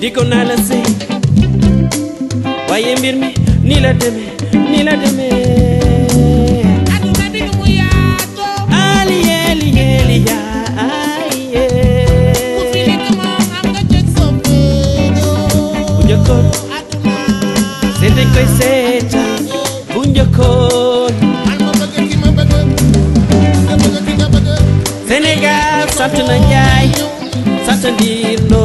dikkoon naa la sëy waaye mbir mi nii la demee nii la demee. aduna bi nu mu yaatoo. aliyee liyee liyaayee. ku fi bu njëkkoon. aduna. seen na Njaay sant Ndiir Lo.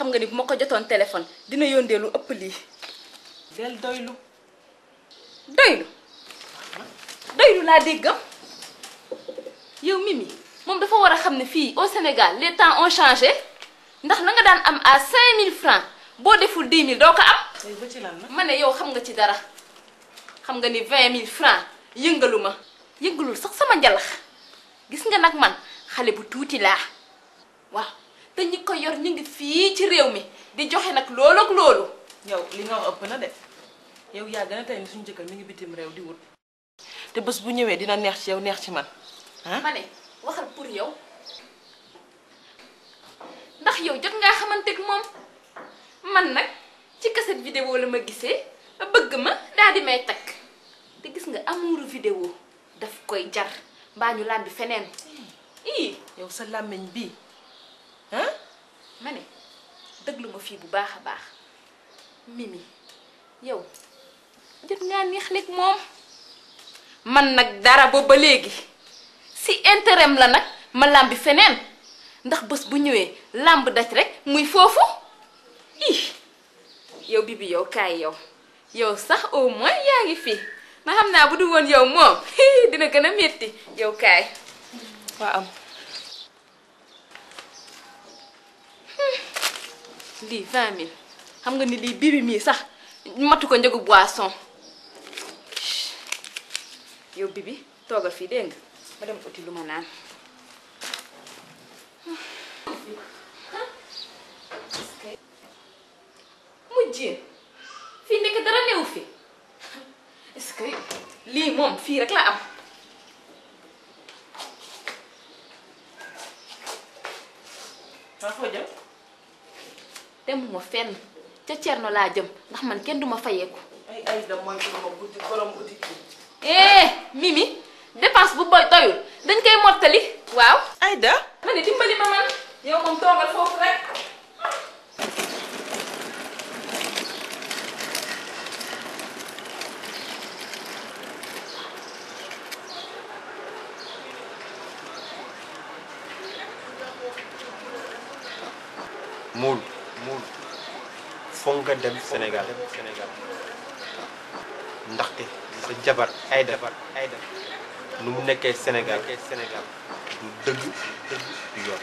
xam nga ni bu ma ko jotoon téléphone dina yóndee lu ëpp lii. del doylu. doylu doylu laa déggam yow Mimi moom dafa war a xam ne fii au Sénégal les temps ont changé ndax la nga daan am à 5000 francs boo deful 10 000 doo ko am. ma ne yow xam nga ci dara xam nga ni 20 000 francs yëngalu ma yëngalul sax sama njalax gis nga nag man xale bu tuuti laa waaw. té ñi ko yor ñi ngi fi ci réew mi di joxé nak loolu ak loolu. yow li nga ëpp na dé yow ya gëna tay ni suñu jëkkal mi ngi bitim réew di wut. té bës bu ñëwé dina neex ci yow neex ci man. hãn mané waxal pour yow ndax yow jot ngaa xamanteeg mom man nak ci cassette vidéo la ma gissé bëgg ma daal di may tak té gis nga amuru vidéo daf koy jar lambi fenen ii yow sa lamagne bi ah ma ne ma fii bu baax a baax mimi yow jot ngaa neex nit moom man nag dara boobu ba léegi si intérêt la nag ma làmbi feneen ndax bës bu ñëwee làmb daj rek muy foofu ih yow bi yow kaay yow yow sax au moins yaa ngi fi ma xam naa bu du woon yow moom dina gën a metti yow kaay waaw am lii vingt xam nga ni lii bibi mii sax matu ko njëgu boisson yow bibi toogal fii dégg nga ma dem uti lu naan. mu jéem fii nekk dara newu fi est-ce que lii moom fii rek la am. ma fenn ca Cerno la jëm ndax man kenn duma fayeku. ay ay da moy ko ma buddi borom buddi eh mimi dépense bu boy toyul. dañ koy mottali waaw ayda ma ne dimbali ma man yow mom togal fofu rek mul nga dem Sénégal sa jabar Aïda nu mu nekkee Sénégal du dëgg du yoon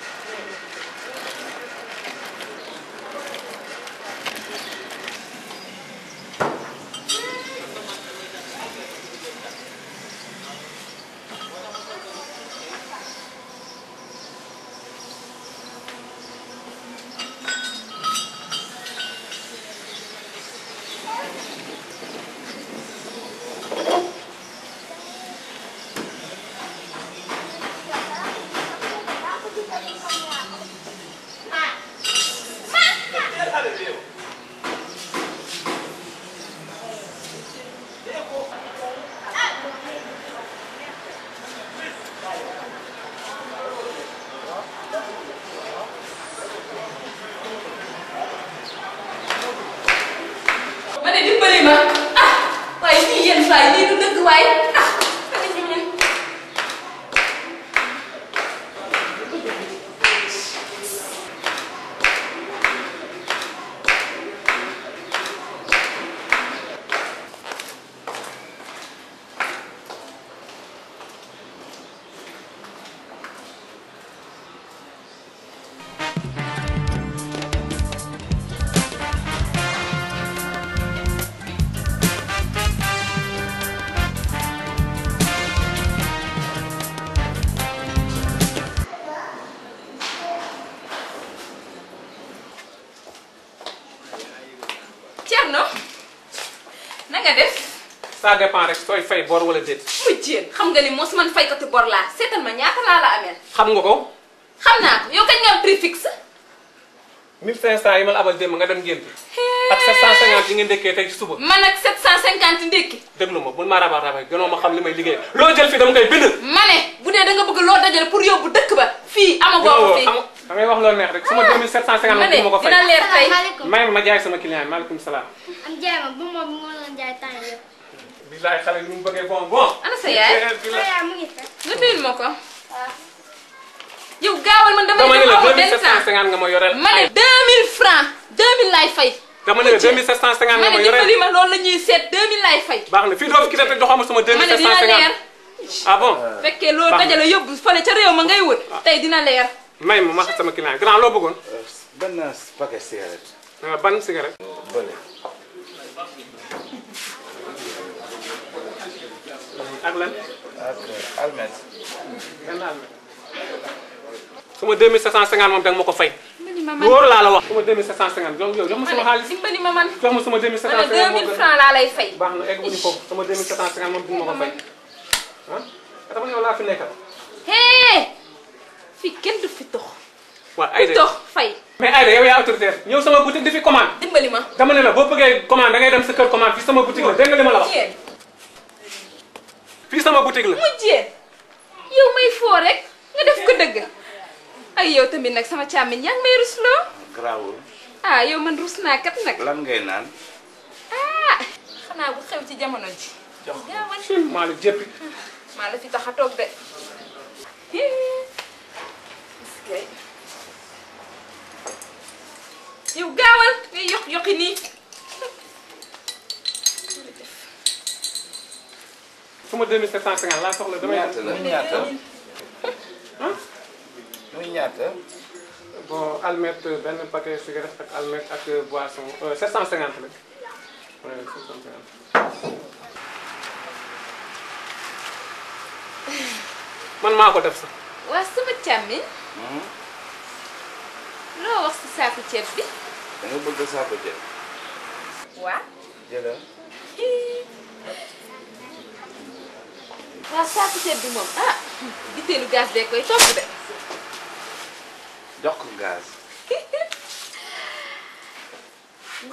ça dépend rek toy fay bor wala det mu jéem xam nga ni mos man faykati bor la seetal ma ñaata la la amel. xam nga ko. xam na ko yow kañ nga prix fixe. 1500 yi mal abal dem nga dem gént. ak 750 yi nga dëkkee tay ci suba. man ak 750 ndékki. déglu ma bu ma rabar rabay gëno ma xam limay may liggéey loo jël fi dama koy bind. mané bu dee da nga bëgg lo dajal pour yóbbu dëkk ba. fi ama bo fi damay wax lo neex rek suma 2750 ma ko fay. dina leer tay may ma jaay sama client malikum salam am jaay ma bu mo bu ma doon jaay temps bilaay xale nu mu bëggee bon bon. ana sa yaay sa yaay mu ngi fi. nga nuyul ma ko. waaw. yow gaawal man dama ne la 2750 nga ma yoreel. ma ne 2000 francs 2000 laay fay. dama ne la 2750 nga ma yoreel ma ne ma loolu la ñuy seet 2000 laay fay. baax na fii doo fi gisate joxoon ma sama 2750 ma ne dina leer. ah bon fekkee loolu dajale yóbbu fële ca réew ma ngay wër tey dina leer. may ma ma sama client grand loo bëggoon. Eh, benn paquet cigarette. Eh, ban cigarette. bële. ak lan. ak eh, almet. benn almet. sama 2750 moom danga ma ko fay. wóor laa la wax. sama 2750 donc yow jox ma sama xaalis. dimbali ma man jox ma sama 2750. moom laa lay fay. baax na egg wuñu foofu sama 2750 moom dina ma ko fay. dama ne laa fi nekkal. fii kenn du fi tox. waaw Aïda tox fay. mais Aïda yow yaa autoritaire ñëw sama boutique di fi ma dama la boo bëggee commande dangay dem sa kër fi sama boutique la dégg ma la wax. fi sama boutique la. mujjé yow may fo rek nga def ko deug ay yow tamit nak sama càmmiñ yang may ruslo garaawul. ah yow man rusna kat nak lan ngay naan. ah xana bu xew ci jamono ji. jox ko maa la jëppi. maa la fi taxato de. yow gawal ngay yok ini su 2750 la soxla la bon almette ben, Un paquet cigarette ak almet ak euh, boisson 750 la. oui 750. man maa ko def waa sama càmmiñ. Mhm. loo wax ceeb bi. da nga bëgg ceeb. waa. waaw saaku ceeb bi moom ah biteelu gaz bee koy togg de jox ko gaz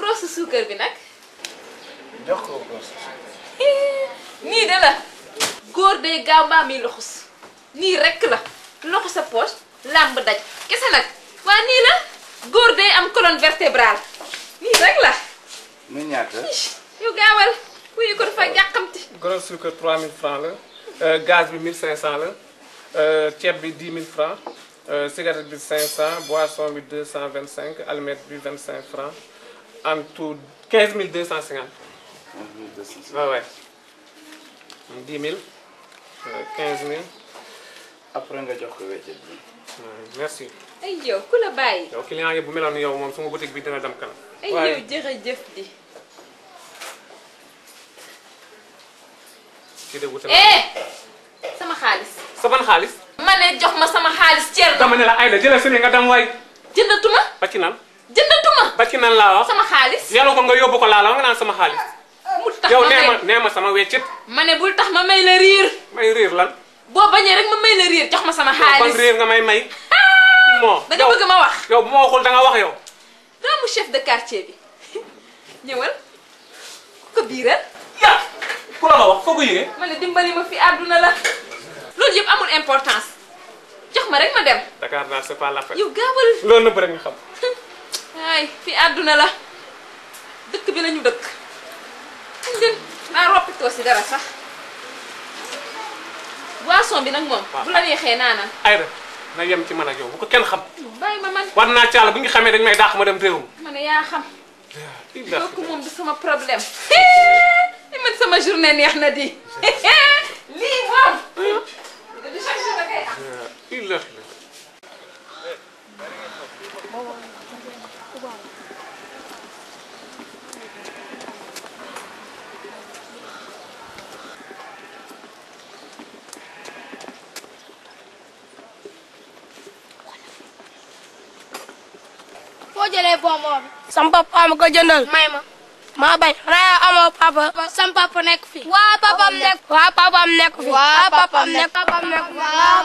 grosse suukar bi nag jox ko nii de la góor day gaaw mbaam yi loxus nii rekk la loxo sa poche làmb daj kese nag waa nii la góor day am colonne vertébrale nii rek la mu ñaata yu gaawal kuyi ko dafa yàqamti gros suukar 3000 francs la Euh, gaz bi 1500 la euh, ceeb 10 000 francs euh, cigarette 500 boisson bi 225 allumette 25 francs en tout 15 250. 15 250 waaw ouais. 10 000 15 000. après on va te wéccet merci. ay yow ku la bàyyi. les client vous bu meloon yow moom mon boutique bi dina dem kanam. ay yow jërëjëf ci de wute eh, sama xaalis. sa ban xaalis. ma jox ma sama xaalis Thierno. dama ne la ay da jëlee sëñ nga dem waay. jëndatuma. ma naan. jëndatuma. bàcc naan laa wax. sama xaalis. yàlla ko nga yóbbu ko laa la wax nga naan sama xaalis. mu tax ma may sama weccit. ma ne tax ma may la riir. may riir lan. boo bañee rek ma may la riir jox ma sama xaalis. kon riir nga may may. bon da bëgg ma wax. yow bu ma waxul da nga wax yow. doomu chef de quartier bi ñëwal ko biiral. ku la wax dimbali ma fi la amul importance jox ma rek ma dem Dakar c'est pas la yow nga xam ay fi aduna la dëkk bi lañu dëkk na naa to ci dara sax boisson bi nak mom, bu la neexee nana. ay rek na yem ci man ak yow bu ko kenn xam Bay ma man war ci caala bu ñu xamé dañ may daax ma dem Man ya xam. yaa xam kooku moom du sama problème man sama journée neex na di lii moom. du maa bañ xanaa amoo papa. sam papa nekk fi. waa papaam nekk. waa papaam nekk fi. waa papaam nekk. waa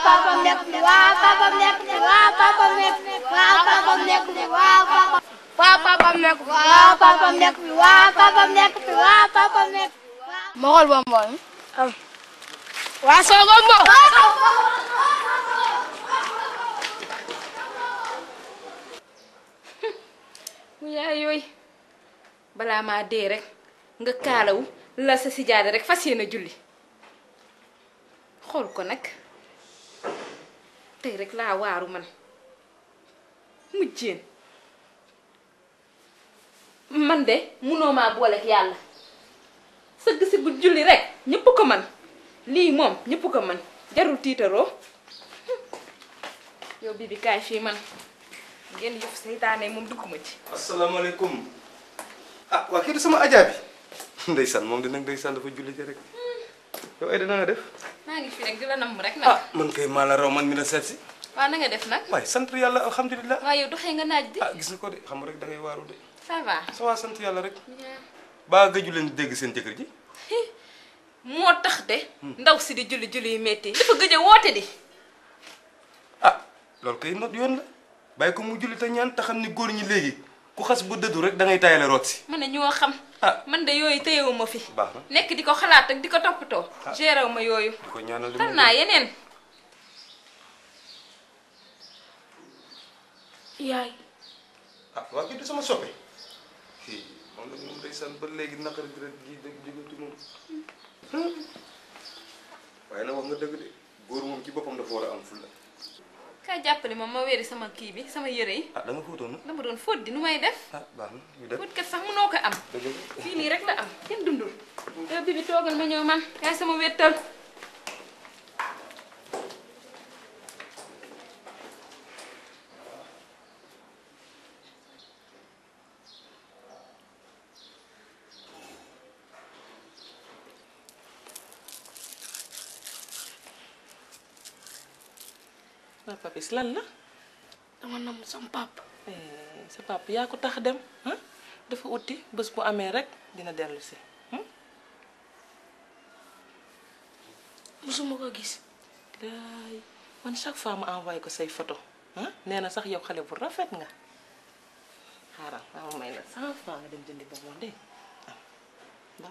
papaam nekk. waa papaam nekk. waa papaam nekk. waa papaam nekk. waa papaam nekk. waa papaam. waa papaam nekk. waa papaam nekk. waa papaam nekk. waa papaam nekk. ma xool ba mbool. am. waa soogo mbool. mu yaay yooyu. balaa maa dee rek nga kaalawu la sa sijaada rek fas yéene julli xool ko nag tey rekk laa waaru man mujjeen man de munoo maa booleeg yàlla sëgg si bu julli rekk ñëpp ko man lii moom ñëpp ko man jarul tiitaroo yow bi bi kaay fii man ngeen yëf seytaane moom ma ci asalaamaaleykum ah waa kii du sama ajaa bi ndeysaan moom di nag ndeysaan dafa julli ci rek yow Aida na nga def. maa ngi fi rek di la namm rek nag. Iya. Hmm. ah man kay maa la raw man mi la seet si. waaw na nga def nag. waay sant yàlla alhamdulilah. waaw yow doxee nga naaj di. ah gis nga ko de xam rek da ngay waaru de. ça va. ça va sant yàlla rek. baa gëju leen dégg seen jëkkër ji. moo tax de. ndaw si di julli julli yu métti. dafa gëj a woote di. ah loolu kay not yoon la bàyyi ko mu julli te ñaan te xam ni góor ñi léegi ku xass bu dëddu rek da ngay tayale rotsi mané ñu xam ah. man de yoy téyewu ma fi nek diko nekk di ko xalaat ak di ko toppatoo ah. gérew ma yooyu di ko ñaanal tal naa yenen yaay ah wa kii sama sama soppe mom nak la day san ba légui nakar gi rek gi deug jigatu tu mom hmm. wayna wax nga deug de gor mom ci bopam da war wara am fulla kaay jàppale ma ma wéeri sama kii bi sama yëre yi. ah da nga fóotoon dama doon fóot di nu may def. ah baax na ñu def fóot kat sax mënoo ko am. dëgg fii nii rek la am kenn dundul. bi bi toogal ma ñëw man kaay sama wéttal. lan la dama nam sam pap eh sa pap ya ko tax dem dafa outi bés bu amé rek dina delu ci si hmm? musuma ko gis day man chaque fois ma envoyé ko say photo nee na sax yow xalé bu rafet nga xara ma may la cent fa nga dem jëndi mo dee ah, ba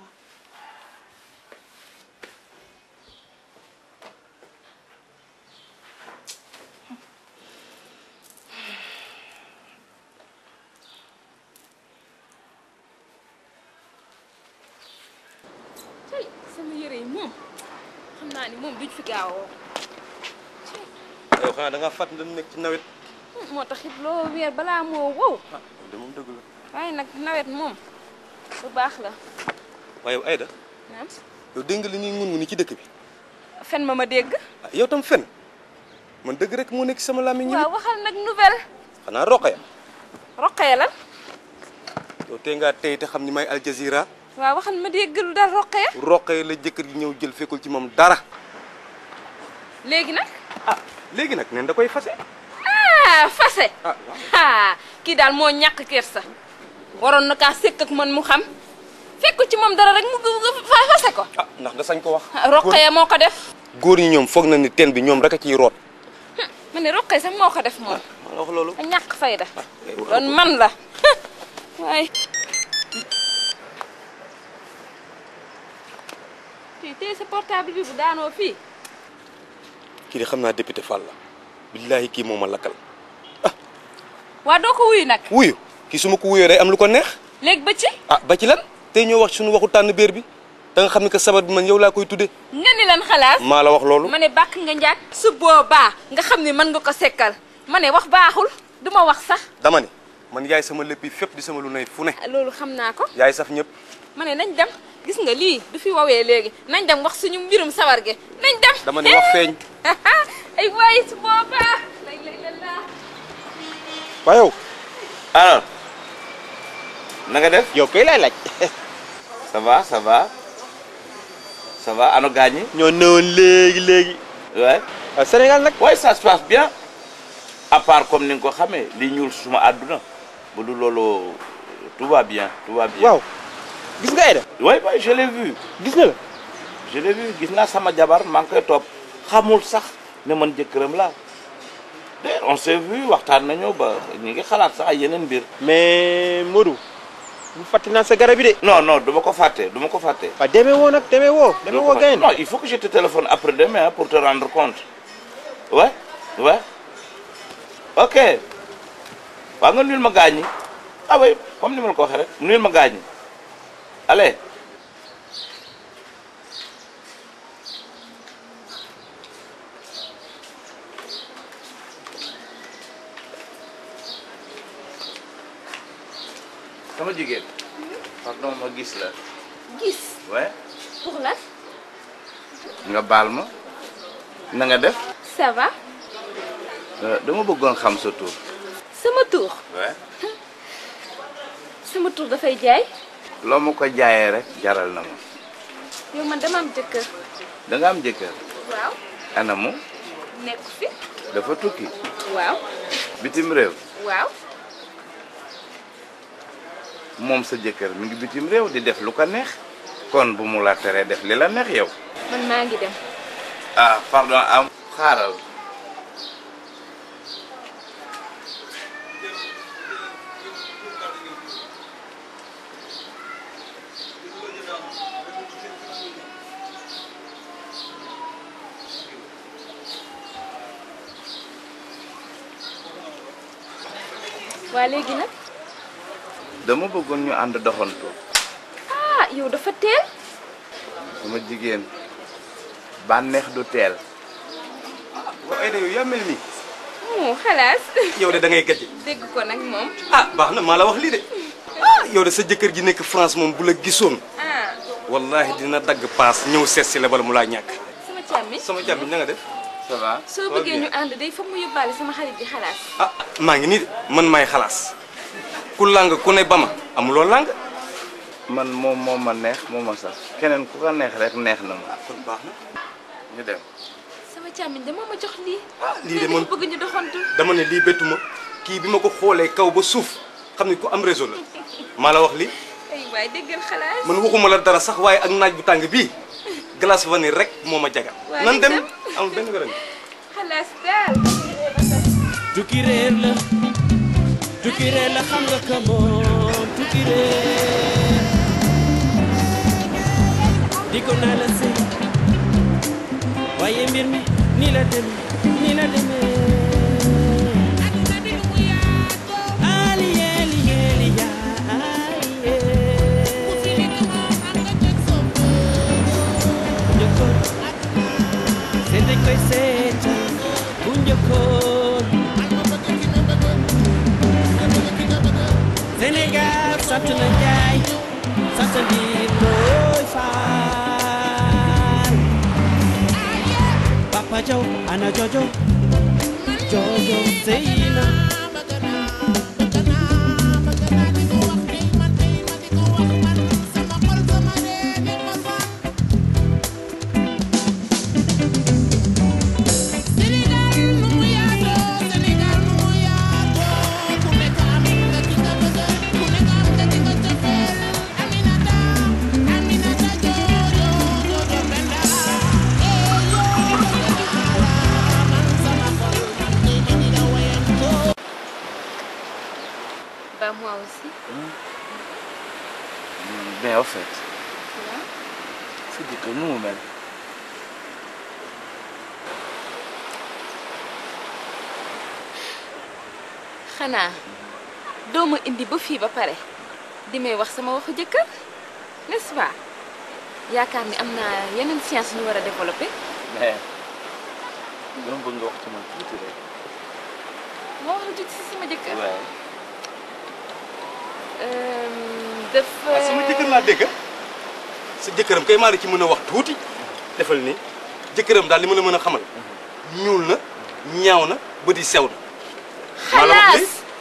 danga da nga nekk ci nawet. moo tax it loo weer balaa moo wow. ah de moom dëgg la. waaye nag nawet moom bu baax la. waaye Aïda. naam yow dégg nga li ñuy ngun ci dëkk bi. fen ma ma dégg. Ah, yow tam fen man dëgg rek moo nekk sama làmmiñ. waaw waxal nag nouvelle. xanaa Roqeya. Roqeya lan. yow tey ngaa tey te xam ni may Al Jazeera. waaw waxal ma dégg lu dal Roqeya. Roqeya la jëkkër gi ñëw jël fekkul ci moom dara. léegi nag ah, léegi nag nen da koy fase ah fase ah kii daal moo ñàkk kersa waroon na kaa sëkk ak man mu xam fekk ci moom dara rek mu fase ko ah ndax da sañ ko wax roqee moo ko def góor ñi ñoom foog na ni teen bi ñoom rek a ciy ko def moom ah, loolu ñàkk fayda doon ah, eh, man la waaye fii tey portable bi bu daanoo fii kii de xam naa député Fall la billaahi kii moom a lakkal ah. waa doo ko wuyu nag. wuyu kii su ma ko wuyoo day am lu ko neex. léegi ba ci. ah ba ci lan tey ñoo wax suñu waxu tànn béer bi da nga xam ne que sabar bi man yow laa koy tuddee. nga ni lan xalaas. maa la wax loolu. ma ne bàkk nga njaag. su boobaa nga xam ne man nga ko sekkal ma ne wax baaxul du wax sax. dama ne man yaay sama léppi fépp di sama lu nay fu ne. Ah, loolu xam naa ko. yaay saf ñépp ma ne nañ dem. gis nga li du fi wawee léegi nañ dem wax suñu mbirum sawar ge nañ dem dama ni wax feñ ay way ci boba lay lay la la bayo yow na nga def yow kay lay laaj ça va ça va ça va ano gaañi ñoo legi, legi. léegi waay ah, Sénégal nak. way ça se passe bien à part comme ni nga ko li ñuul suma aduna bu du lolo tout va bien tout va bien wow. gis nga Aïda. oui oui je l'ai vu. gis nga je l'ai vu gis naa sama jabar maa ngi koy topp xamul sax ne man jëkkëram laa d'ailleurs on s'est vu waxtaan nañu ba ñu ngi xalaat sax ay yeneen mbir. mais Modou. bu fàttali naa sa garab bi de. non non du ma ko fàtte du ma ko fàtte. waaw demee woo nag demee woo. demee woo non il faut que je te téléphone après demain hein, pour te rendre compte ouais ouais ok waaw nga nuyul ma gaañ ñi ah oui comme ni ma la ko waxee rek nuyul ma gaañ ñi Ale. Kamu juga? Hmm? Pardon mau gis lah. Gis? Ouais. Pour lan? Nga balmo Na nga def? Ça va? Eh, dama bëggoon xam sa tour. Sama tour? Ouais. Sama tour dafay jaay? loo ma ko jaayee rek jaral na ma. yow man dama am jëkkër. da am jëkkër. waaw. anamu. nekk fi. dafa tukki. waaw. bitim réew. waaw. moom sa jëkkër mu ngi bitim réew di def lu ko neex kon bu mu la teree def li la neex yow. man maa ngi dem. ah pardon am xaaral. waa léegi nag. dama bëggoon ñu ànd doxantu. ah yow dafa teel. sama jigen. bànneex du teel. waaw Aïda yow yaa mel nii. xalaas. yow de da ngay gëj. dégg ko nag moom. ah baax na maa wax lii de. ah yow de sa jëkkër ji nekk France mom bu la gisoon. ah. wallaahi dina dagg paas ñëw seet si la bala mu laa ñàkk. sama càmmiñ sama càmmiñ na nga def. ça va soo bëggee ñu ànd day foog mu yóbbaale sama xarit di xalaas. ah maa ngi nii man may xalaas ku làng ku ne ba ma amuloo làng. man moom moo ma neex moo ma sax keneen ku ko neex rek neex na ma. Ah, kon baax sama càmmiñ de moo ma jox ah, dama ne lii bettu ma kii bi ma ko xoolee kaw ba suuf xam ne ku am réseau la maa la wax lii. ay waay déggal man waxuma la dara sax waaye ak naaj bu tàng bii. glace vanille rek moo ma jagal. nan dem amul benn wérén. xalaas daal. tukki la tukki la xam nga di ko naa la mbir mi nii la demee nii la कैसे Bunyokon Senegal, Sapton and Guy, Sapton in Boyfan Papa Joe, Anna Jojo, Jojo Zena. xanaa doo ma indi ba fii ba pare di may wax sama waxu jëkkër n'est-ce yaakaar ni am naa yeneen science ñu war a développe mais dama bëgg nga wax ci man tuuti moo wax lu tuuti si sama jëkkër. waaw. Euh, dafa ah jëkkër laa dégg sa jëkkëram kay maa la ci mën a wax tuuti. defal ni jëkkëram daal li mën a mën a xamal. Mhm. ñuul na ñaaw na bët yi sew na. xalaas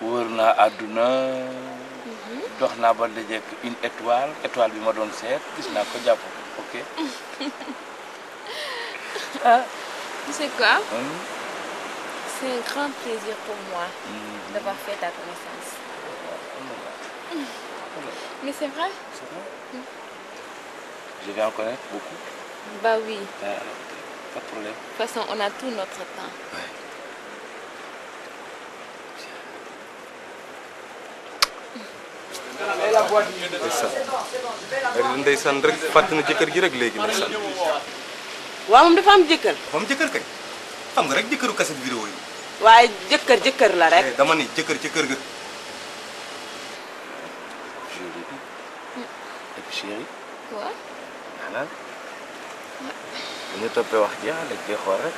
wër aduna mhm. dox ba une étoile étoile bi ma doon seet gis ko jàpp ok ah tu sais quoi hein? c'est un grand plaisir pour moi mhm. d'avoir fait ta connaissance mais c'est vrai c'est vrai mhm. je vais en connaître beaucoup bah oui euh, pas de problème de toute façon on a tout notre temps ouais. ndeysaan ak ndeysaan rek fàtt na jëkkër ji rek léegi ndeysaan. waaw am jëkkër. dafa am jëkkër kay xam nga rek jëkkëru kaset vidéo yi. waaye jëkkër jëkkër la rek. Eh, dama ni jëkkër ci kër ga. chéri. waaw. Ah, rek.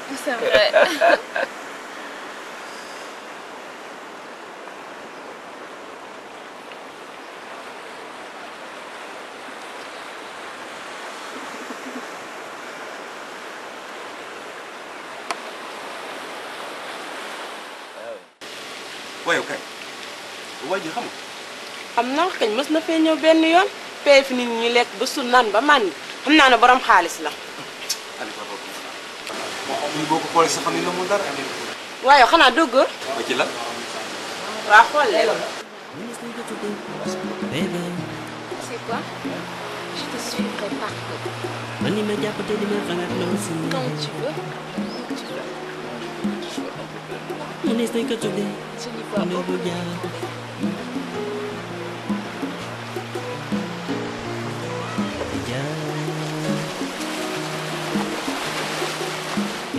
xam na kañ mës na fee ñëw benn yoon pay fi nit ñi lekk ba su ba màndi xam naa ne borom xaalis la. waaye xanaa dëgg. ba ci la. waaw xool leen. c'est quoi? Je te suivrai partout. Quand tu veux, où tu veux. Je n'y vois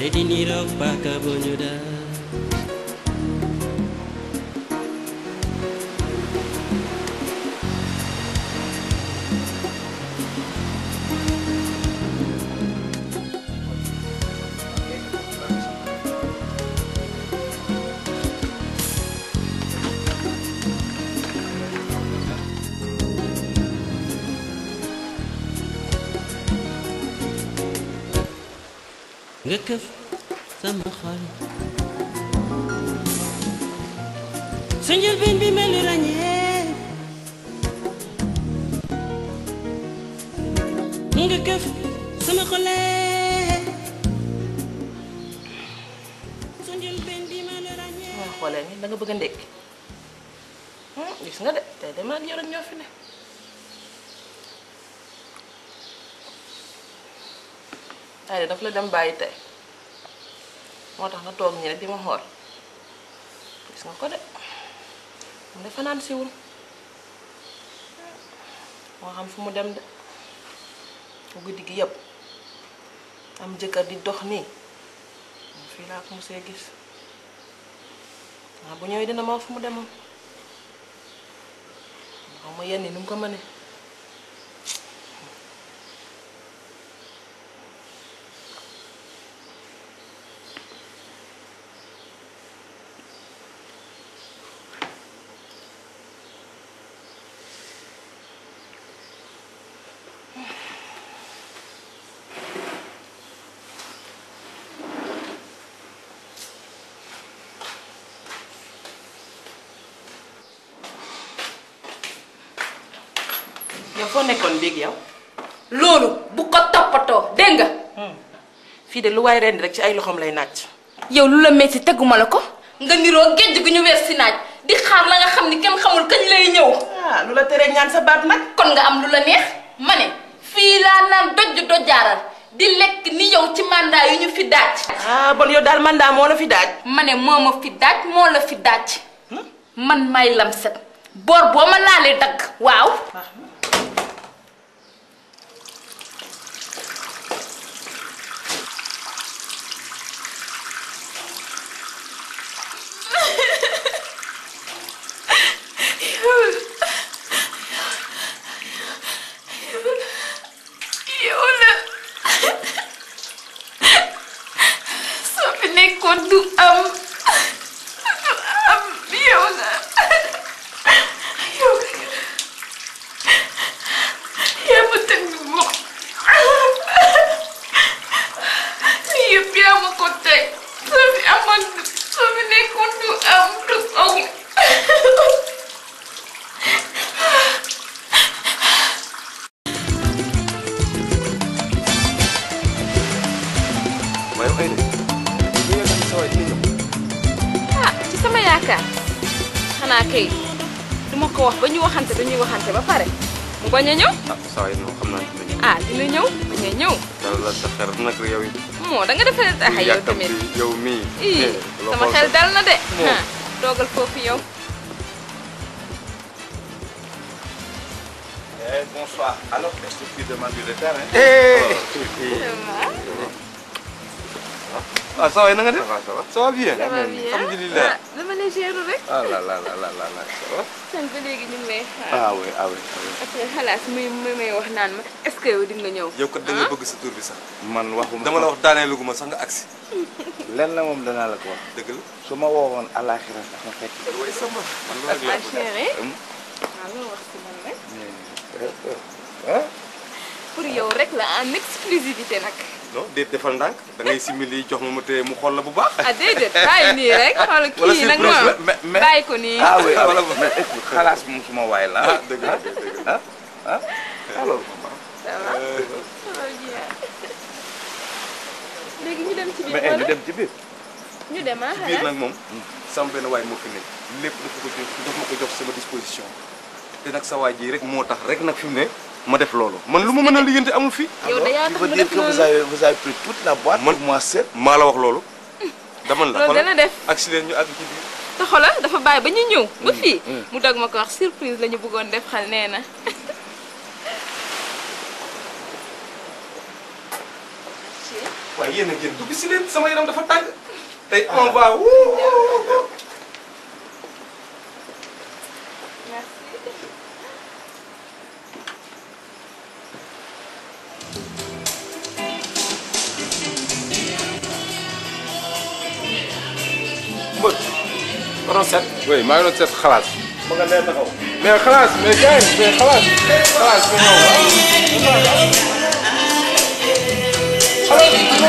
jadi nirok pakai bunyudah dem bàyyi tey moo tax nga toog ñi rek di ma xool gis nga ko de mu ne fanaan siwul moo xam fu mu dem de guddi gi yëpp am jëkkër di dox nii fii laa ko musee gis waaw bu ñëwee dina ma fu mu demoon xam nga yenn ni mu ko mënee foo nekkoon béeg yow loolu bu ko toppatoo dégg nga hmm. fii de lu waay rendi rek ci ay loxom lay naaj yow lu la metti teguma la ko nga niroo géej gu ñu si naaj di xaar la nga xam ni kenn xamul kañ lay ñëw ah, lu la tere ñaan sa baat nag kon nga am lu la neex ma ne fii laa naan doj dojaaral di lekk ni yow ci mandat yu ñu fi daaj ah bon yow daal mandat moo la fi daaj ma ne fi daaj moo la fi daaj hmm? man may lam boor boo ma laalee dagg waaw ah, militaire ¿eh? ¡Eh! ah ça va na nga def ça va bien. ça va bien alhamdulilah dama lay gérer rek. ah la la la la la ça va. sànq ba léegi ñu ngi lay xaar. ah oui ah oui. parce que xalaat muy muy may wax naan ma est-ce que yow di nga ñëw. yow kat da nga bëgg sa tur bi sax. man waxuma dama la wax daaneelu ma sax nga agsi. lenn la moom danaa la ko wax. dëgg la su ma woowoon alaaxira sax ma fekk. waaye sama man loolu rek la. ah chérie. waaw loolu wax si man rek. ah. pour yow rek la en exclusivité nag. non defal ndànk da ngay simili jox ma mu téye mu xool la bu baax. ah déedéet bàyyi nii rek xool kii nag moom bàyyi ko ah waay la ah dëgg ah, dem ah, euh. ñu dem ci biir. Eh, nag moom. sama waay moo fi ne lépp dafa ko jox dafa ma ko jox sama disposition te nag sa waay ji rek moo tax rek nag fi mu ne. Je def man lu amul yow vous avez vous avez pris toute la boîte. pour moi seul suis wax lolu dama la ak là, ci biir. ta je dafa ba mm, mm. mu wax surprise lañu bëggoon def xal neena dugg sama yaram dafa on va doon set. oui maa ngi doon set xalaat. ma nga nee taxaw. mais xalaat mais gars yi mais xalaat. xalaat bi ñëw waaw. xalaat bi ñëw. ah bon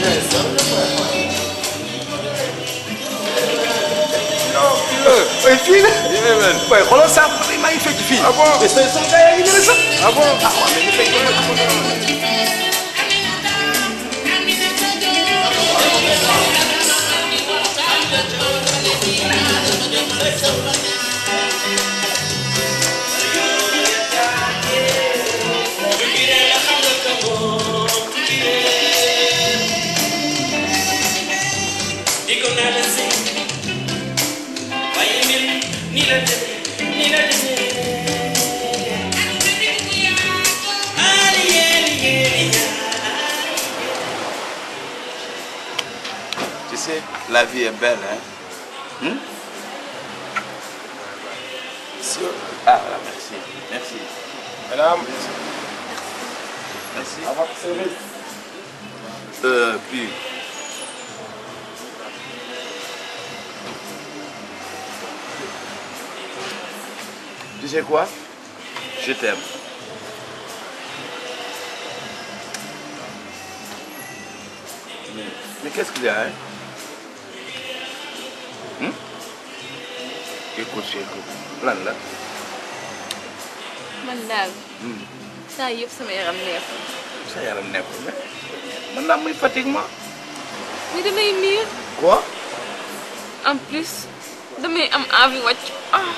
mais sama gars yaa ngi ah bon ah waaw mais la vie est belle. Hein? Hmm? Ah, merci. Merci. Madame. Merci. À votre service. Euh, puis. Tu sais quoi Je t'aime. mais qu'est-ce qu'il y a, hein écho séeku lan la. man daal. Hmm. saa yëpp sama yaram neexul. sa yaram neexul mais man naa muy fatigue ma. mais damay miir. quoi. en plus damay am envie wàcc ah.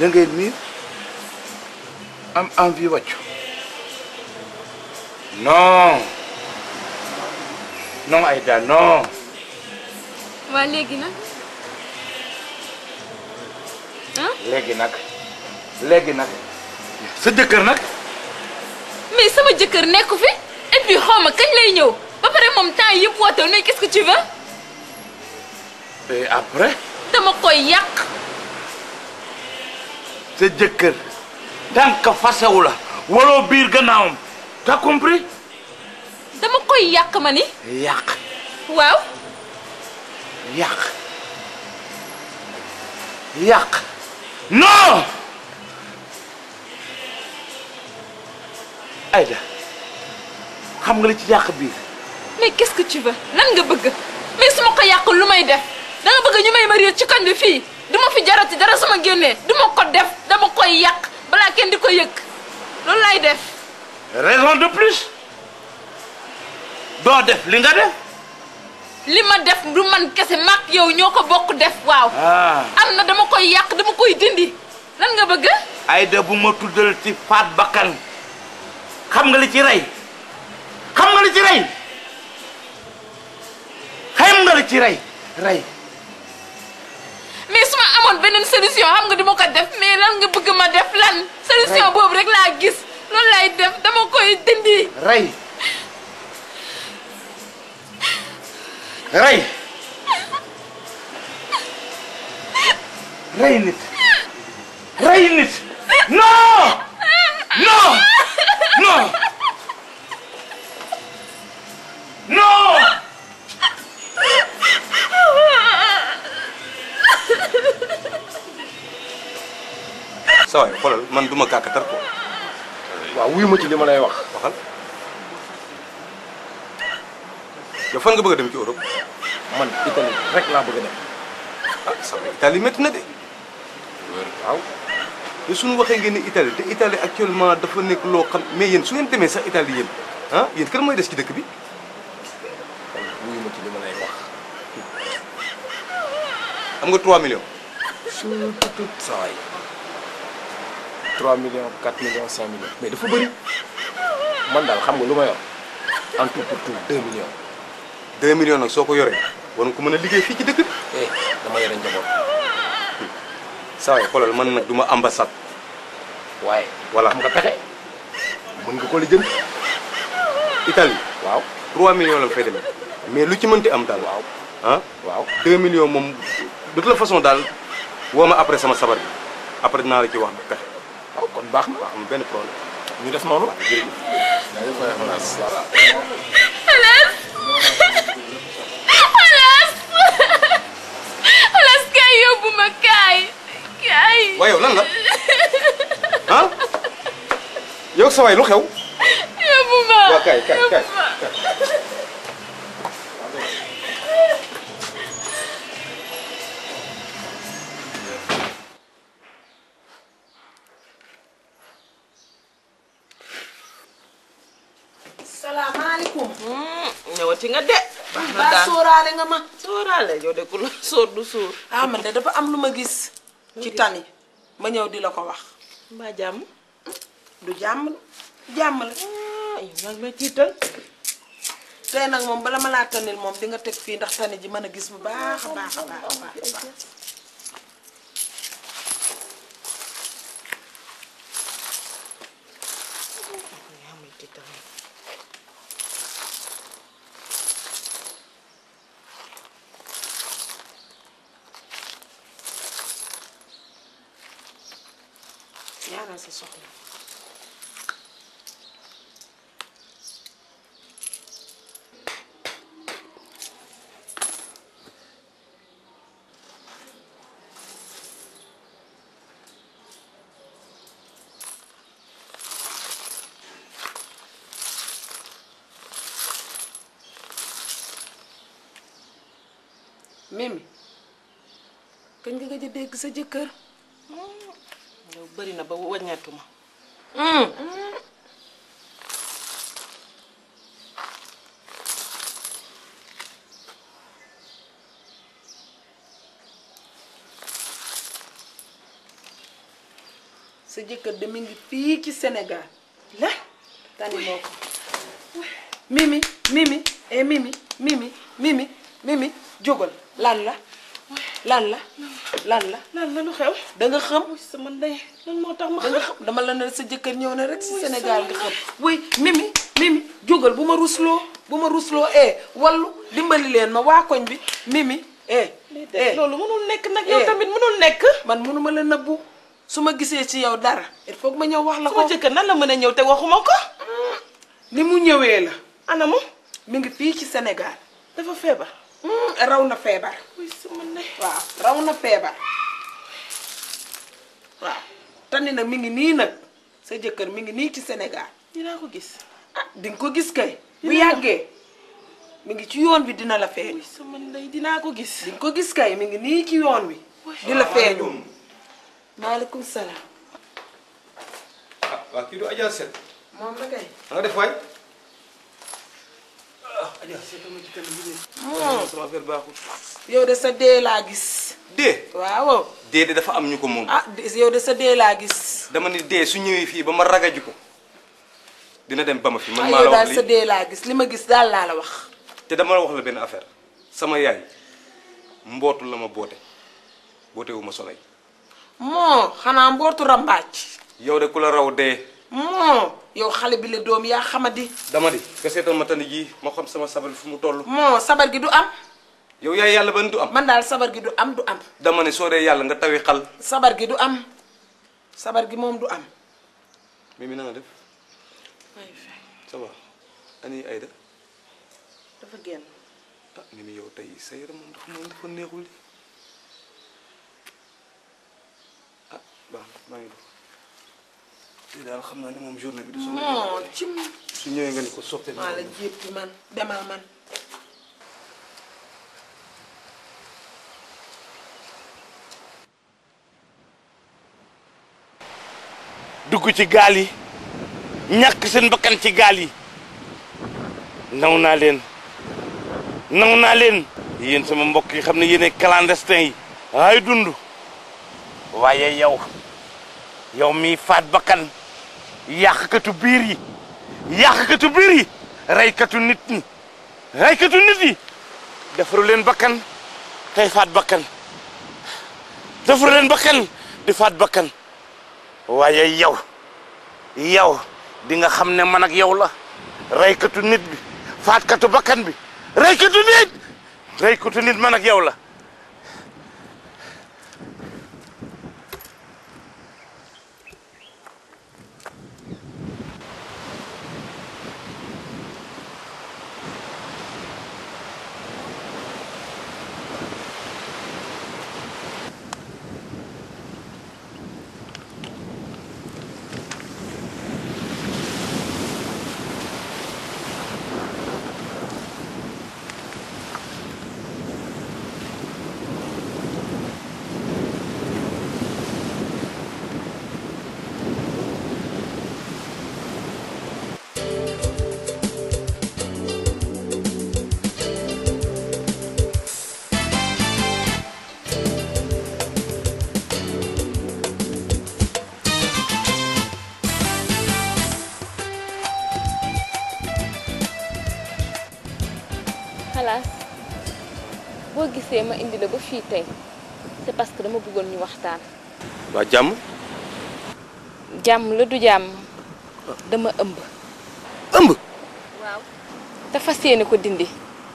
da ngay miir am envie wàcc. non non Aïda non. waa léegi nag. ah léegi nag léegi nag. sa jëkkër nag. sama jëkkër nekku fi et puis xaw ma kañ lay ñëw ba pare moom temps yëpp woote ne qu'est-ce que tu veux. après. dama koy yàq. sa jëkkër tànk fasewu la waloo biir gannaawam t'as compris. dama koy yàq ma ni. yàq waaw. yàq yàq non Aïda xam nga li ci yàq bii mais qu'est-ce ci tu lan nga bëgg mais su ma ko yàq lu may def da nga ñu may marié ci koñ bi fii du ma fi jarati dara su ma génnee du ma ko def dama koy yàq balaa kenn di ko yëg loolu lay def raison de plus doo def li nga def li ma def du man kese mag yow ñoo ko bokk def waaw. Ah. am na dama koy yàq dama koy dëndi lan nga bëgg. Aïda bu ma tuddal ci faat bakkan xam nga li ci rey xam nga li ci rey nga li ci rey rey. mais su ma amoon beneen solution xam nga dama ko def mais lan nga bëgg ma def lan. solution boobu rek laa gis loolu laay def dama koy dindi. Рай! Rain it! Rain it! No! No! No! No! sa waay man duma kàkkatar ko Wa wuyuma ci li lay wax waxal yow fan nga bëgg dem ci Europe. man Italie rek laa ah, na de. waaw. te waxee ngeen ne Italie te Italie actuellement nekk loo xam mais yéen su ngeen demee sax Italie yéen ah yéen mooy des ci dëkk bi. wuyu ma ci li ma lay wax. nga 3 millions. surtout tout saa yi. 3 millions mais dafa bëri. man daal xam nga lu ma yor en tout pour tout 2 millions. 2 millions nag soo ko yoree war nga ko mën a liggéey fii ci dëkk bi. eh dama yore njaboot. saa yoo xoolal man nag du ma waaye. voilà xam nga pexe. mën nga ko la jënd. Italie waaw 3 millions la fay demee. mais lu ci mënti am daal. waaw ah waaw 2 millions moom de toute façon daal woo ma après sama sabar bi après dinaa la ci wax pexe. waaw kon benn problème. ñu def noonu. jërëjëf. Mekay. Kay. Wayo lan la? Ha? Yow sa way lu xew? Ya Bouba. Wa kay kay kay. Salaamaaleykum. ñëwati nga de. baa sóoraale nga ma sóoraale yow de ku la sóor du sóor ah man de dafa am lu ma gis ci tani ma ñëw di la ko wax ma jàmm du jàmm jàmm la ah, yow nag ma tiital tey nag moom bala ma laa tanil moom di nga teg fii ndax tani ji mën a gis bu baax a baax a baax a baax kañ nga gëj a dégg sa jëkkër. yow bëri na ba wàññeeku hmm. sa jëkkër de mi ngi fii ci Sénégal la tani moo ko mimi mimi e mimi mimi mimi mimi jógal lan la lan la lan la lan lu xew. danga nga xam sama ndey lan moo tax ma xam. dama la sa jëkkër ñëw na rek senegal Sénégal nga xam. oui mimi mimi jógal bu ma rusloo bu ma rusloo eh, wallu dimbali leen ma waa koñ bi mimi eh. eh loolu mënul nekk nag yow eh. tamit mënul nekk. man mënuma la nëbbu su ma gisee ci yow dara il ma ñëw wax la ko. sama jëkkër nan la mën a ñëw te waxuma ko. ni mu ñëwee la. anamu mi ngi fii ci Sénégal dafa feebar. Mm, raw na feebar. waaw na feebar waaw. tani nag mi ngi nii nag sa jëkkër mi ngi nii ci Sénégal. dinaa ko gis. ah di nga ko gis kay. bu yàggee mu ngi ci yoon bi dina la feeñ. sama ndey dinaa ko gis. di ko gis kay mi ngi nii ci yoon wi. di feeñu. maaleykum salaam. Ah, waa kii du Adja Seck. moom la kay. nga def waay. Oh. yow de sa dee laa gis. dee. waaw. dee de dafa am ñu ko moom. ah yow de sa dee laa gis. dama ni dee su ñëwee fii ba ma ragaju ko dina dem ba ma fi man ah, maa la wax daal sa dee laa gis li ma gis daal laa la wax. te dama la wax la benn affaire sama yaay mbootu la ma boote boote wu ma soleil. moo xanaa mbootu rambaaj. yow de ku la raw dee. moo yow xale bi le dom ya xamadi. dama di nga seetal ma ji ma xam sama sabar fu mu tollu moo sabar gi du am. yow yaay yalla ban du am. man dal sabar gi du am du am. dama ne soo dee nga tawi xal. sabar gi du am sabar gi mom du am. mimi na nga def. waay fay. sabar ani Aïda. dafa genn ah mimi yow tay sa yaram dafa dafa neexul ah bang, ma ngi te daal xam naa ne moom journée bi. non ci dugg ci gaal ñakk seen bakkan ci gaal yi naw naa leen naw naa leen yéen sama mbokk yi xam na yéen ay yi ay dund waaye yow. yow mi faat bakkan yàqkatu biir yi yàqkatu biir yi reykatu nit ñi reykatu nit yi defaru leen bakkan tey faat bakkan defaru leen bakkan di faat bakkan waaye yow yow di nga xam ne man ak yow la reykatu nit bi faatkatu bakkan bi reykatu nit reykatu nit man ak yow la gisee ma indi la ba fii tey c'est parce que dama bëggoon ñu waxtaan. waa jàmm. jàmm la du jàmm dama ëmb. ëmb. waaw te fas yéene ko dindi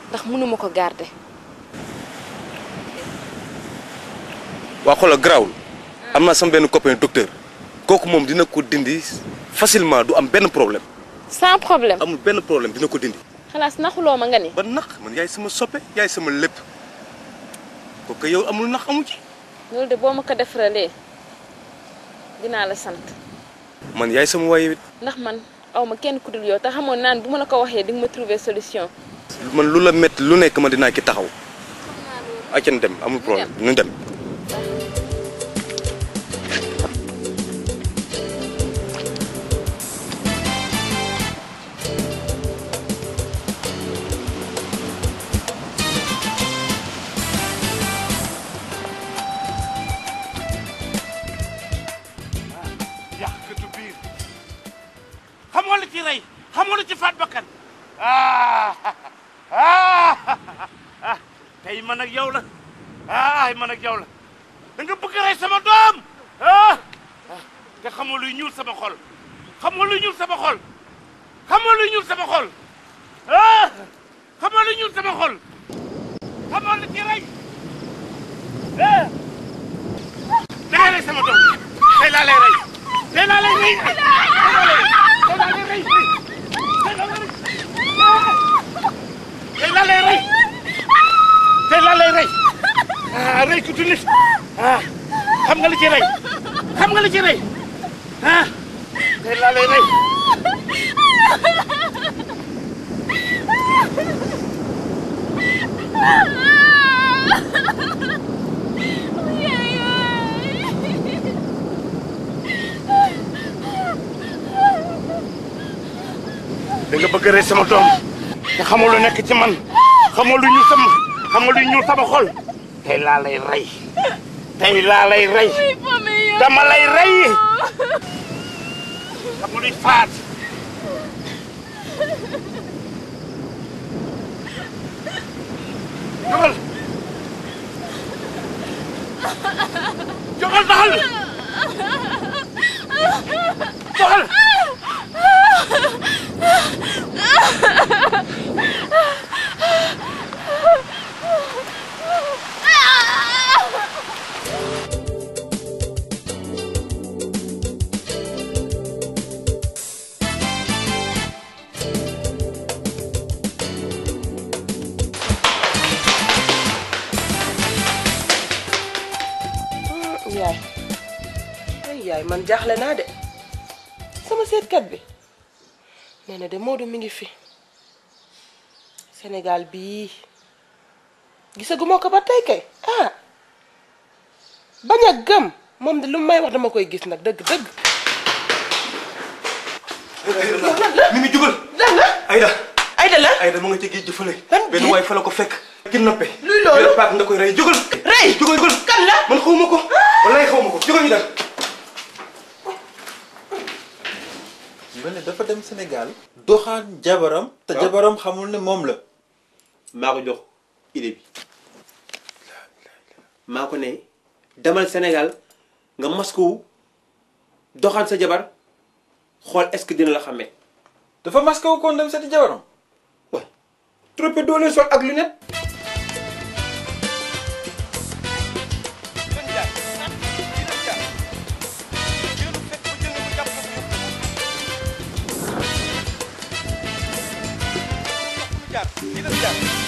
ndax mënuma ko garder. waa xoolal garaawul am naa sama benn copain docteur kooku moom dina ko dindi facilement du am benn problème. sans problème amul benn problème dina ko dindi. xalaas naxuloo ma nga ni. ba nax man yaay sama soppe yaay sama lépp. kooku yow amul nax amu ci. lolou de boo ma ko defaralee dinaa la sante man yaay sama waay ndax man awma ma kenn ku yow ta xamone nan buma ma la ko waxee di ma trouver solution. man lu la métti lu nek man dina ki taxaw. acca na dem amul problème ñu dem. man ak yow la da nga bëgg sama doom ah? ah te xamoo luy ñuul sama xol xamoo luy ñuul sama xol nekk ci man xam nga lu ñu sama xam nga lu ñu sama xol tey laa lay rey tey laa lay rey dama lay rey dama luy faat jógal jógal doxal doxal man jaaxle naa de sama seetkat bi nee na de Modou mi ngi fi Sénégal bi gisaguma ko ba tey kay ah bañ a gëm moom de lu may wax dama koy gis nag dëgg dëgg. Mimi jugal. lan la Aïda. la mu nga ci géej benn waay fa ko fekk. ki noppe. luy loolu paak la man xawma ko. Ah! wallaay xawma ko jugal ñu dal. mel ne dafa dem Sénégal. doxaan jabaram. te ah. jabaram xamul ne moom la. maa ko jox idée bi maa ko ne demal Sénégal nga maskuwu doxaan sa jabar xool est-ce que dina la xàmmee. dafa maskuwu kon dem sa jabaram. waaw. trop doole sol ak lunette. ちゃん。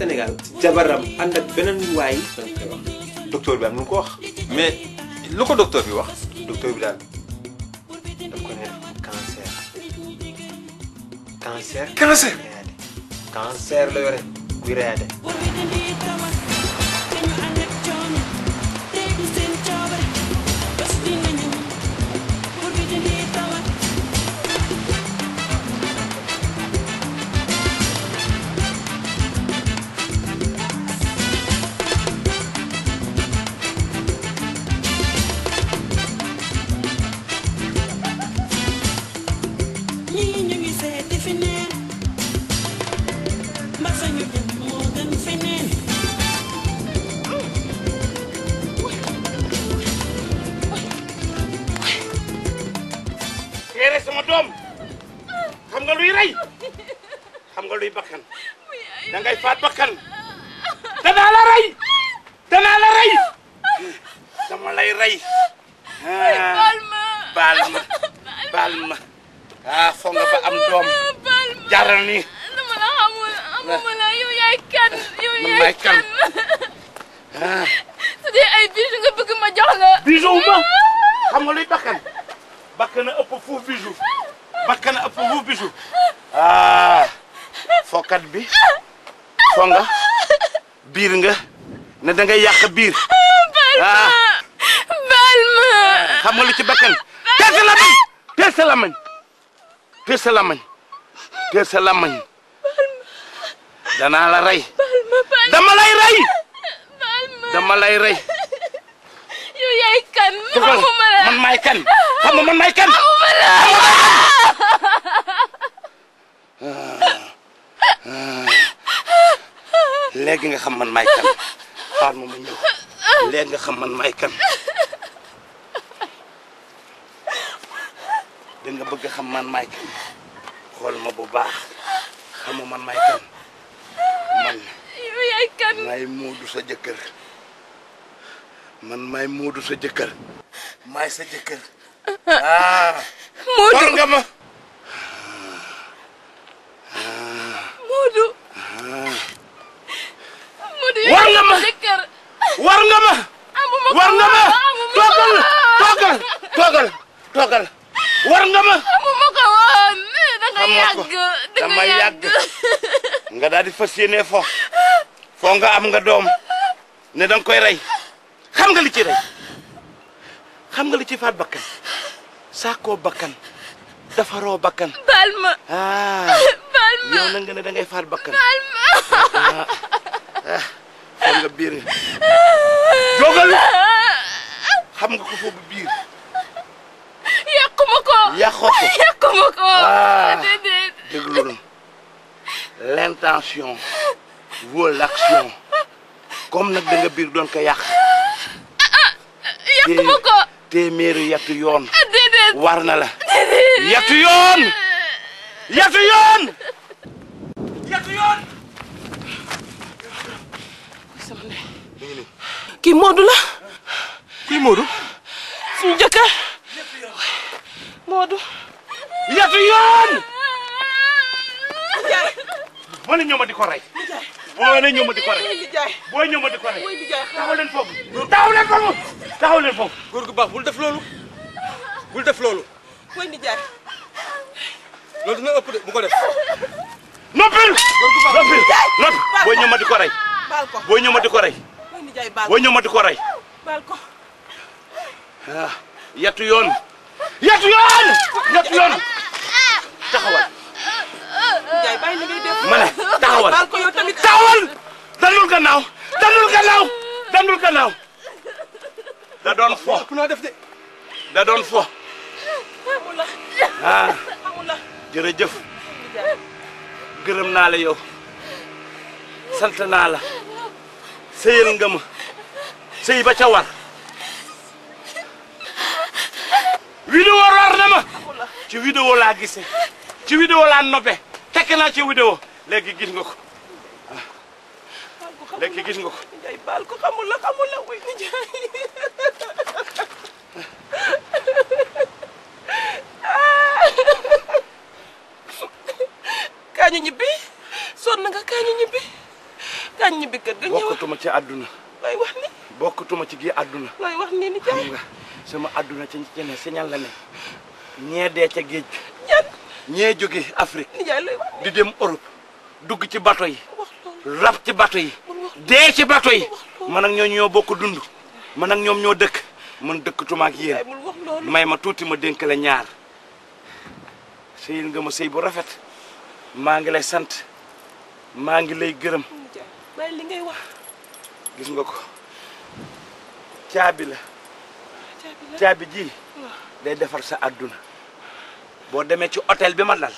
Sénégal jabaram ànd ak beneen waay docteur bi am lu ko wax mais lu ko docteur bi wax docteur bi daal daf ko ne cancer cancer cancer cancer la yore buy reyaate da ngay yàq biir. ah baal ma xam nga lu ci bakkan. teel sa lamañ teel sa lamañ teel sa lamañ teel sa lamañ danaa la rey. dama lay rey. man maay kan xam nga man ah. Ah. nga xam man maay kan. xaar mo ma leen nga xam man may kan de nga bëgg xam man may kan xol ma bu baax xamu man may kan man yaay iya kan may muudu sa jëkkeer man may muudu sa jëkkeer may sa jëkkeer ah muudu nga ma muudu ah. war nga ma war nga ma toogal toogal amuma ko woon eh, danga yàgg dama yàgg nga daal di fas yéene fo foo nga am nga doom ne danga koy rey xam nga li ci rey xam nga li ci faat bakkan saakoo bakkan dafaroo bakkan baal ma ah baal ma nga ne dangay faat bakkan xam nga biir jógal xam nga ko foofu biir. yàqu ko yàqoo ko yàqu ma ko. Ah. déedéet déglu l'intention vaut nag da biir doon ko yàq. yàqu ma ko téeméeri yàttu yoon. déedéet la. déedéet yoon yàttu yoon. ngi nii kii Modou la iya, kii Modou suñu jëkkër Modou yetu yoon boo ne ñooma di ko rey boo ne ñooma di ko rey iya, boo ñooma di ko rey iya, taxaw leen foofu taxaw leen foofu taxaw leen foofu góor gu baax bul def loolu bul def loolu koy nijaay loolu dina ëpp de bu ko def noppil noppil noppil boo ñëw ma ko boo ñëw ma di ko rey. baal ko. ah yatu yoon. yatu yoon. yatu yoon taxawal. Ndiaye bàyyi li ngay def. ma ne taxawal baal ko yow tamit taxawal. dandul gannaaw dandul gannaaw dandul gannaaw. da doon fo. da doon fo. ah jërëjëf. gërëm naa la yow sant naa la. sëyal nga ma sëy ba ca war vidéo lor na ma ci vidéo laa ci vidéo laa noppe tekk ci vidéo léegi gis nga ko léegi gis nga ko njaay baal ko xamul kaañu ñibbi sonn nga kaañu ñibbi kañ bi keur ga bokutuma ci aduna lay wax ni bokutuma ci gi aduna lay wax ni ni jaay sama aduna ci ci ne señal la ne ñee dee ca geej ñe ñan afrique ni jaay lay wax di dem europe dugg ci bato yi rap ci bato yi dee ci bato yi man ak ñoo ñoo bokku dund man ak ñom ñoo dekk man dëkkatuma ak yeen may ma tuti ma denk la ñaar sëyin nga ma sey bu rafet ma ngi lay sante ma ngi lay gërëm bàyyi li ngay wax. gis nga ko caabi la. caabi ji day defar sa àdduna boo demee ci otel bi ma lal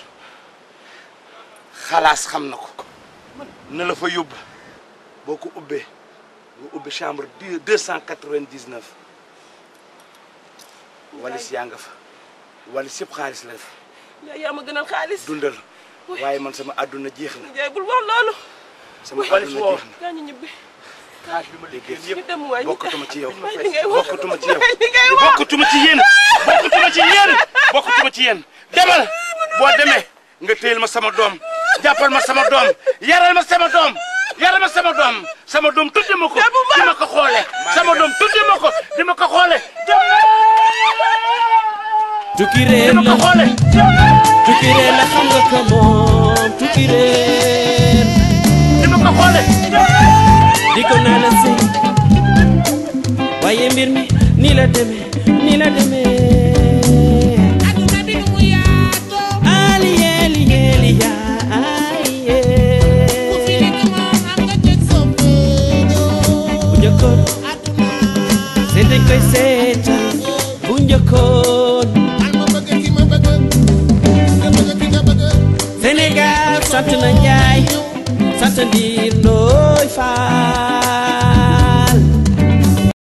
xalaas xam na ko na la fa yóbbu boo ko ubbee ubbi chambre deux cent quatre-vingt-dix-neuf walis yaa nga fa walis yëpp xaalis la def ma gënal xaalis dundal waaye man sama àdduna jeex na bul wax loolu sama xaalis ma jeex na bokkatuma ci yow bokkatuma ci yow bokkatuma ci yéen bokkatuma ci yéen bokkatuma ci yéen demal boo demee nga téyel ma sama doom jàppal ma sama doom yaral ma sama doom yaral ma sama doom sama doom tudde ma ko di ma ko xoole sama doom tudde ma ko di ma ko xoole tukki réer la tukki réer la xam nga ko moom tukki réer nga xoole di ko la sëy waaye mbir mi nii la deme nii la deme dañ koy seetal bu njëkkoon Sénégal sant na Njaay chân đi if I.